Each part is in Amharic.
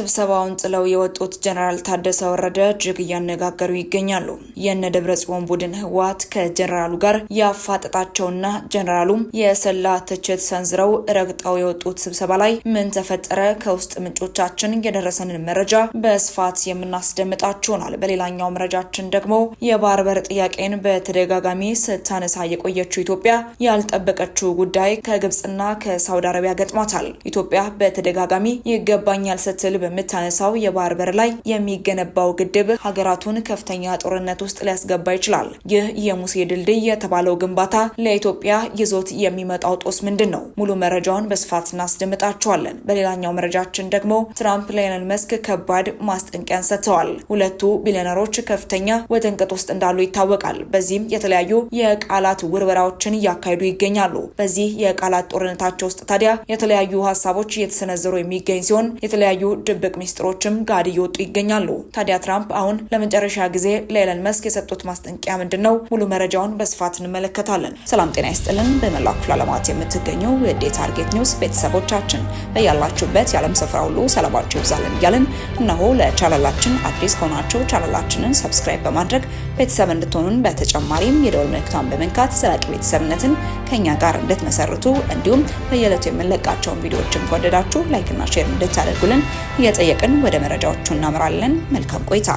ስብሰባውን ጥለው የወጡት ጀነራል ታደሰ ወረደ እጅግ እያነጋገሩ ይገኛሉ። የነ ደብረ ጽዮን ቡድን ህወሓት ከጀነራሉ ጋር ያፋጠጣቸውና ጀነራሉም የሰላ ትችት ሰንዝረው ረግጠው የወጡት ስብሰባ ላይ ምን ተፈጠረ? ከውስጥ ምንጮቻችን የደረሰንን መረጃ በስፋት የምናስደምጣችሁናል። በሌላኛው መረጃችን ደግሞ የባህር በር ጥያቄን በተደጋጋሚ ስታነሳ የቆየችው ኢትዮጵያ ያልጠበቀችው ጉዳይ ከግብፅና ከሳውዲ አረቢያ ገጥሟታል። ኢትዮጵያ በተደጋጋሚ ይገባኛል ስትል በምታነሳው የባህር በር ላይ የሚገነባው ግድብ ሀገራቱን ከፍተኛ ጦርነት ውስጥ ሊያስገባ ይችላል። ይህ የሙሴ ድልድይ የተባለው ግንባታ ለኢትዮጵያ ይዞት የሚመጣው ጦስ ምንድን ነው? ሙሉ መረጃውን በስፋት እናስደምጣቸዋለን። በሌላኛው መረጃችን ደግሞ ትራምፕ ለኤለን መስክ ከባድ ማስጠንቀቂያን ሰጥተዋል። ሁለቱ ቢሊዮነሮች ከፍተኛ ውጥንቅጥ ውስጥ እንዳሉ ይታወቃል። በዚህም የተለያዩ የቃላት ውርበራዎችን እያካሄዱ ይገኛሉ። በዚህ የቃላት ጦርነታቸው ውስጥ ታዲያ የተለያዩ ሀሳቦች እየተሰነዘሩ የሚገኝ ሲሆን የተለያዩ ድብቅ ሚስጥሮችም ጋድ እየወጡ ይገኛሉ። ታዲያ ትራምፕ አሁን ለመጨረሻ ጊዜ ለኤለን መስክ የሰጡት ማስጠንቀቂያ ምንድን ነው? ሙሉ መረጃውን በስፋት እንመለከታለን። ሰላም ጤና ይስጥልን። በመላው ክፍለ ዓለማት የምትገኙ የዴ ታርጌት ኒውስ ቤተሰቦቻችን በያላችሁበት የዓለም ስፍራ ሁሉ ሰላማችሁ ይብዛልን እያልን እነሆ ለቻናላችን አዲስ ከሆናችሁ ቻናላችንን ሰብስክራይብ በማድረግ ቤተሰብ እንድትሆኑን በተጨማሪም የደወል ምልክቷን በመንካት ዘላቂ ቤተሰብነትን ከኛ ጋር እንድትመሰርቱ እንዲሁም በየዕለቱ የምንለቃቸውን ቪዲዮዎችን ከወደዳችሁ ላይክና ሼር እንድታደርጉልን እየጠየቅን ወደ መረጃዎቹ እናምራለን። መልካም ቆይታ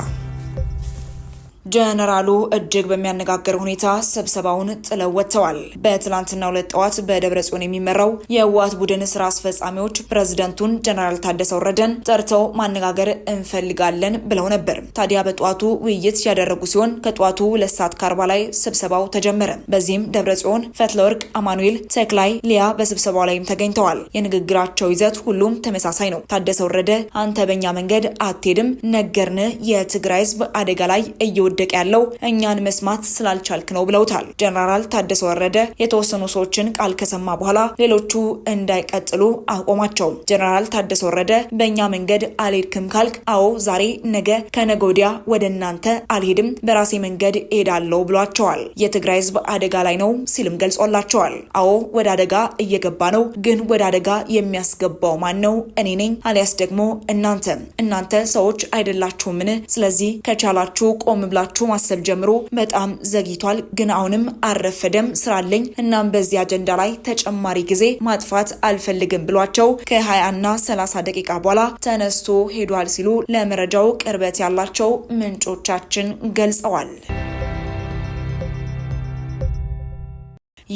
ጀነራሉ እጅግ በሚያነጋገር ሁኔታ ስብሰባውን ጥለው ወጥተዋል። በትላንትና ሁለት ጠዋት በደብረ ጽዮን የሚመራው የህወሓት ቡድን ስራ አስፈጻሚዎች ፕሬዝደንቱን ጀነራል ታደሰ ወረደን ጠርተው ማነጋገር እንፈልጋለን ብለው ነበር። ታዲያ በጠዋቱ ውይይት ያደረጉ ሲሆን ከጠዋቱ ሁለት ሰዓት ከአርባ ላይ ስብሰባው ተጀመረ። በዚህም ደብረ ጽዮን፣ ፈትለወርቅ አማኑኤል፣ ተክላይ ሊያ በስብሰባው ላይም ተገኝተዋል። የንግግራቸው ይዘት ሁሉም ተመሳሳይ ነው። ታደሰ ወረደ አንተ በእኛ መንገድ አትሄድም፣ ነገርንህ የትግራይ ህዝብ አደጋ ላይ እየወደ እየወደቀ ያለው እኛን መስማት ስላልቻልክ ነው ብለውታል። ጀነራል ታደሰ ወረደ የተወሰኑ ሰዎችን ቃል ከሰማ በኋላ ሌሎቹ እንዳይቀጥሉ አቆማቸው። ጀነራል ታደሰ ወረደ በእኛ መንገድ አልሄድክም ካልክ፣ አዎ ዛሬ፣ ነገ፣ ከነገ ወዲያ ወደ እናንተ አልሄድም በራሴ መንገድ እሄዳለሁ ብሏቸዋል። የትግራይ ህዝብ አደጋ ላይ ነው ሲልም ገልጾላቸዋል። አዎ ወደ አደጋ እየገባ ነው፣ ግን ወደ አደጋ የሚያስገባው ማን ነው? እኔ ነኝ አሊያስ ደግሞ እናንተ። እናንተ ሰዎች አይደላችሁምን? ስለዚህ ከቻላችሁ ቆም ብላችሁ ብላችሁ ማሰብ ጀምሮ በጣም ዘግይቷል፣ ግን አሁንም አረፈደም ስራለኝ። እናም በዚህ አጀንዳ ላይ ተጨማሪ ጊዜ ማጥፋት አልፈልግም ብሏቸው ከ20ና 30 ደቂቃ በኋላ ተነስቶ ሄዷል ሲሉ ለመረጃው ቅርበት ያላቸው ምንጮቻችን ገልጸዋል።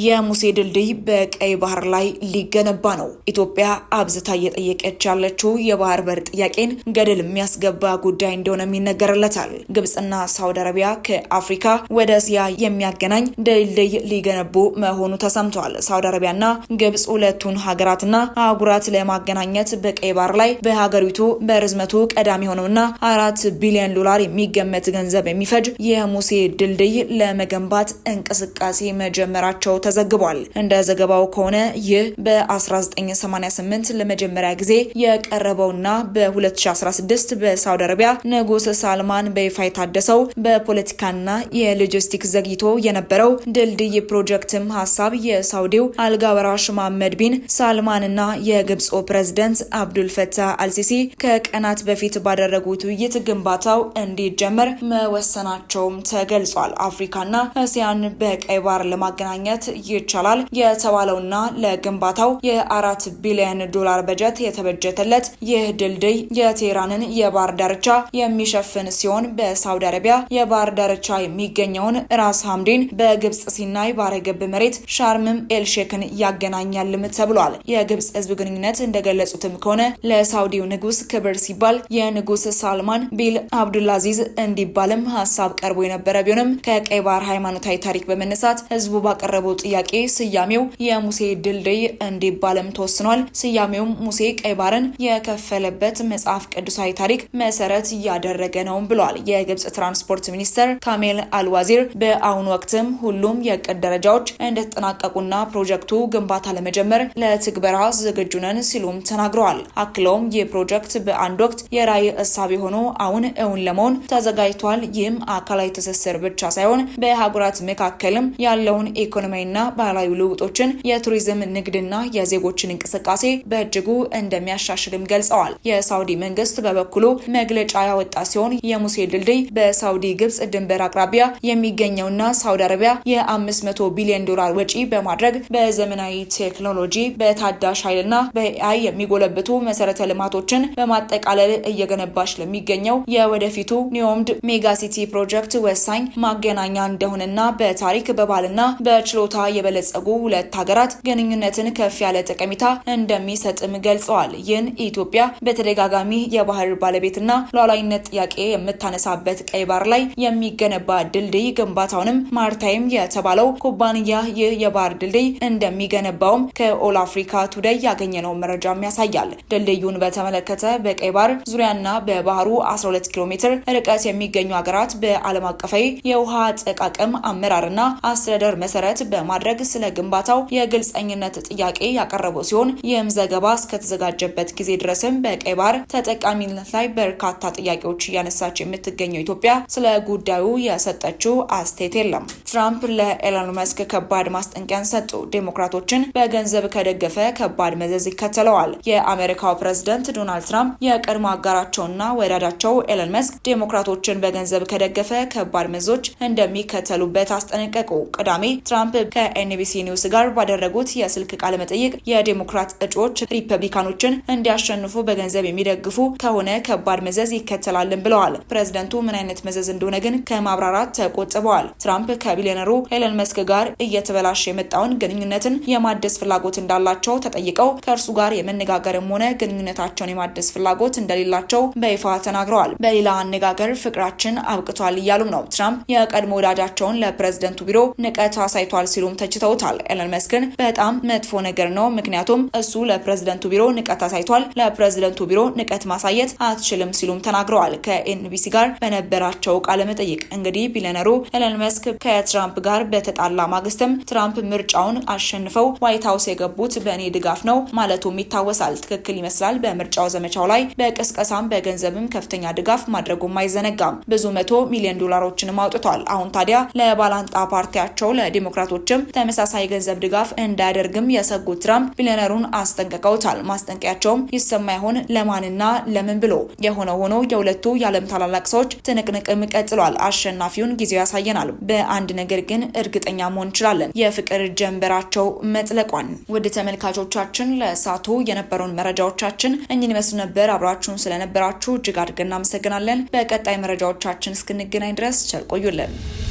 የሙሴ ድልድይ በቀይ ባህር ላይ ሊገነባ ነው። ኢትዮጵያ አብዝታ እየጠየቀች ያለችው የባህር በር ጥያቄን ገደል የሚያስገባ ጉዳይ እንደሆነም ይነገርለታል። ግብፅና ሳውዲ አረቢያ ከአፍሪካ ወደ እስያ የሚያገናኝ ድልድይ ሊገነቡ መሆኑ ተሰምቷል። ሳውዲ አረቢያና ግብጽ ሁለቱን ሀገራትና አህጉራት ለማገናኘት በቀይ ባህር ላይ በሀገሪቱ በርዝመቱ ቀዳሚ የሆነውና አራት ቢሊዮን ዶላር የሚገመት ገንዘብ የሚፈጅ የሙሴ ድልድይ ለመገንባት እንቅስቃሴ መጀመራቸው ተዘግቧል። እንደ ዘገባው ከሆነ ይህ በ1988 ለመጀመሪያ ጊዜ የቀረበውና በ2016 በሳውዲ አረቢያ ንጉሥ ሳልማን በይፋ የታደሰው በፖለቲካና የሎጂስቲክስ ዘግይቶ የነበረው ድልድይ ፕሮጀክትም ሀሳብ የሳውዲው አልጋ ወራሽ መሐመድ ቢን ሳልማንና የግብፁ ፕሬዝደንት አብዱልፈታህ አልሲሲ ከቀናት በፊት ባደረጉት ውይይት ግንባታው እንዲጀመር መወሰናቸውም ተገልጿል። አፍሪካና እስያን በቀይ ባህር ለማገናኘት ይቻላል የተባለውና ለግንባታው የአራት ቢሊዮን ዶላር በጀት የተበጀተለት ይህ ድልድይ የቴህራንን የባህር ዳርቻ የሚሸፍን ሲሆን በሳውዲ አረቢያ የባህር ዳርቻ የሚገኘውን ራስ ሐምዲን በግብጽ ሲናይ ባህረ ገብ መሬት ሻርምም ኤልሼክን ያገናኛልም ተብሏል። የግብጽ ህዝብ ግንኙነት እንደገለጹትም ከሆነ ለሳውዲው ንጉስ ክብር ሲባል የንጉስ ሳልማን ቢል አብዱልአዚዝ እንዲባልም ሀሳብ ቀርቦ የነበረ ቢሆንም ከቀይ ባህር ሃይማኖታዊ ታሪክ በመነሳት ህዝቡ ባቀረቡት ጥያቄ ስያሜው የሙሴ ድልድይ እንዲባልም ተወስኗል። ስያሜውም ሙሴ ቀይ ባህርን የከፈለበት መጽሐፍ ቅዱሳዊ ታሪክ መሰረት እያደረገ ነውም ብሏል። የግብጽ ትራንስፖርት ሚኒስተር ካሜል አልዋዚር በአሁኑ ወቅትም ሁሉም የቅድ ደረጃዎች እንደተጠናቀቁና ፕሮጀክቱ ግንባታ ለመጀመር ለትግበራ ዝግጁ ነን ሲሉም ተናግረዋል። አክለውም ይህ ፕሮጀክት በአንድ ወቅት የራዕይ እሳብ ሆኖ አሁን እውን ለመሆን ተዘጋጅቷል። ይህም አካላዊ ትስስር ብቻ ሳይሆን በአህጉራት መካከልም ያለውን ኢኮኖሚያዊ ኢኮኖሚና ባህላዊ ለውጦችን፣ የቱሪዝም ንግድና የዜጎችን እንቅስቃሴ በእጅጉ እንደሚያሻሽልም ገልጸዋል። የሳውዲ መንግስት በበኩሉ መግለጫ ያወጣ ሲሆን የሙሴ ድልድይ በሳውዲ ግብጽ ድንበር አቅራቢያ የሚገኘውና ሳውዲ አረቢያ የ500 ቢሊዮን ዶላር ወጪ በማድረግ በዘመናዊ ቴክኖሎጂ በታዳሽ ኃይልና በኤአይ የሚጎለብቱ መሰረተ ልማቶችን በማጠቃለል እየገነባች ለሚገኘው የወደፊቱ ኒዮምድ ሜጋሲቲ ፕሮጀክት ወሳኝ ማገናኛ እንደሆነና በታሪክ በባህልና በችሎታ ቦታ የበለጸጉ ሁለት ሀገራት ግንኙነትን ከፍ ያለ ጠቀሜታ እንደሚሰጥም ገልጸዋል። ይህን ኢትዮጵያ በተደጋጋሚ የባህር ባለቤትና ሉዓላዊነት ጥያቄ የምታነሳበት ቀይ ባህር ላይ የሚገነባ ድልድይ ግንባታውንም ማርታይም የተባለው ኩባንያ ይህ የባህር ድልድይ እንደሚገነባውም ከኦል አፍሪካ ቱደይ ያገኘነው መረጃም ያሳያል። ድልድዩን በተመለከተ በቀይ ባህር ዙሪያና በባህሩ 12 ኪሎ ሜትር ርቀት የሚገኙ ሀገራት በዓለም አቀፋዊ የውሃ አጠቃቀም አመራርና አስተዳደር መሰረት በ ለማድረግ ስለ ግንባታው የግልጸኝነት ጥያቄ ያቀረቡ ሲሆን ይህም ዘገባ እስከተዘጋጀበት ጊዜ ድረስም በቀይ ባህር ተጠቃሚነት ላይ በርካታ ጥያቄዎች እያነሳች የምትገኘው ኢትዮጵያ ስለ ጉዳዩ የሰጠችው አስተያየት የለም። ትራምፕ ለኤሎን መስክ ከባድ ማስጠንቀቂያን ሰጡ። ዴሞክራቶችን በገንዘብ ከደገፈ ከባድ መዘዝ ይከተለዋል። የአሜሪካው ፕሬዝደንት ዶናልድ ትራምፕ የቀድሞ አጋራቸውና ወዳዳቸው ኤለን መስክ ዴሞክራቶችን በገንዘብ ከደገፈ ከባድ መዘዞች እንደሚከተሉበት አስጠነቀቁ። ቅዳሜ ትራምፕ ከኤንቢሲ ኒውስ ጋር ባደረጉት የስልክ ቃለ መጠይቅ የዴሞክራት እጩዎች ሪፐብሊካኖችን እንዲያሸንፉ በገንዘብ የሚደግፉ ከሆነ ከባድ መዘዝ ይከተላልን ብለዋል። ፕሬዝደንቱ ምን አይነት መዘዝ እንደሆነ ግን ከማብራራት ተቆጥበዋል። ትራምፕ ከቢሊዮነሩ ኤለን መስክ ጋር እየተበላሸ የመጣውን ግንኙነትን የማደስ ፍላጎት እንዳላቸው ተጠይቀው ከእርሱ ጋር የመነጋገርም ሆነ ግንኙነታቸውን የማደስ ፍላጎት እንደሌላቸው በይፋ ተናግረዋል። በሌላ አነጋገር ፍቅራችን አብቅቷል እያሉም ነው። ትራምፕ የቀድሞ ወዳጃቸውን ለፕሬዝደንቱ ቢሮ ንቀት አሳይቷል ሲሉ ሲሉም ተችተውታል። ኤለን መስክን በጣም መጥፎ ነገር ነው፣ ምክንያቱም እሱ ለፕሬዝደንቱ ቢሮ ንቀት አሳይቷል። ለፕሬዝደንቱ ቢሮ ንቀት ማሳየት አትችልም ሲሉም ተናግረዋል። ከኤንቢሲ ጋር በነበራቸው ቃለ መጠይቅ እንግዲህ ቢሊዮነሩ ኤለን መስክ ከትራምፕ ጋር በተጣላ ማግስትም ትራምፕ ምርጫውን አሸንፈው ዋይት ሀውስ የገቡት በእኔ ድጋፍ ነው ማለቱም ይታወሳል። ትክክል ይመስላል። በምርጫው ዘመቻው ላይ በቅስቀሳም በገንዘብም ከፍተኛ ድጋፍ ማድረጉም አይዘነጋም። ብዙ መቶ ሚሊዮን ዶላሮችንም አውጥቷል። አሁን ታዲያ ለባላንጣ ፓርቲያቸው ለዲሞክራቶች ሀገሮችም ተመሳሳይ የገንዘብ ድጋፍ እንዳያደርግም የሰጉ ትራምፕ ቢሊዮነሩን አስጠንቅቀውታል። ማስጠንቀቂያቸውም ይሰማ ይሆን ለማንና ለምን ብሎ። የሆነ ሆኖ የሁለቱ የዓለም ታላላቅ ሰዎች ትንቅንቅም ቀጥሏል። አሸናፊውን ጊዜው ያሳየናል። በአንድ ነገር ግን እርግጠኛ መሆን እንችላለን፣ የፍቅር ጀንበራቸው መጥለቋን። ውድ ተመልካቾቻችን ለእሳቱ የነበረውን መረጃዎቻችን እኝን ይመስሉ ነበር። አብራችሁን ስለነበራችሁ እጅግ አድርገን እናመሰግናለን። በቀጣይ መረጃዎቻችን እስክንገናኝ ድረስ ቸር ቆዩልን።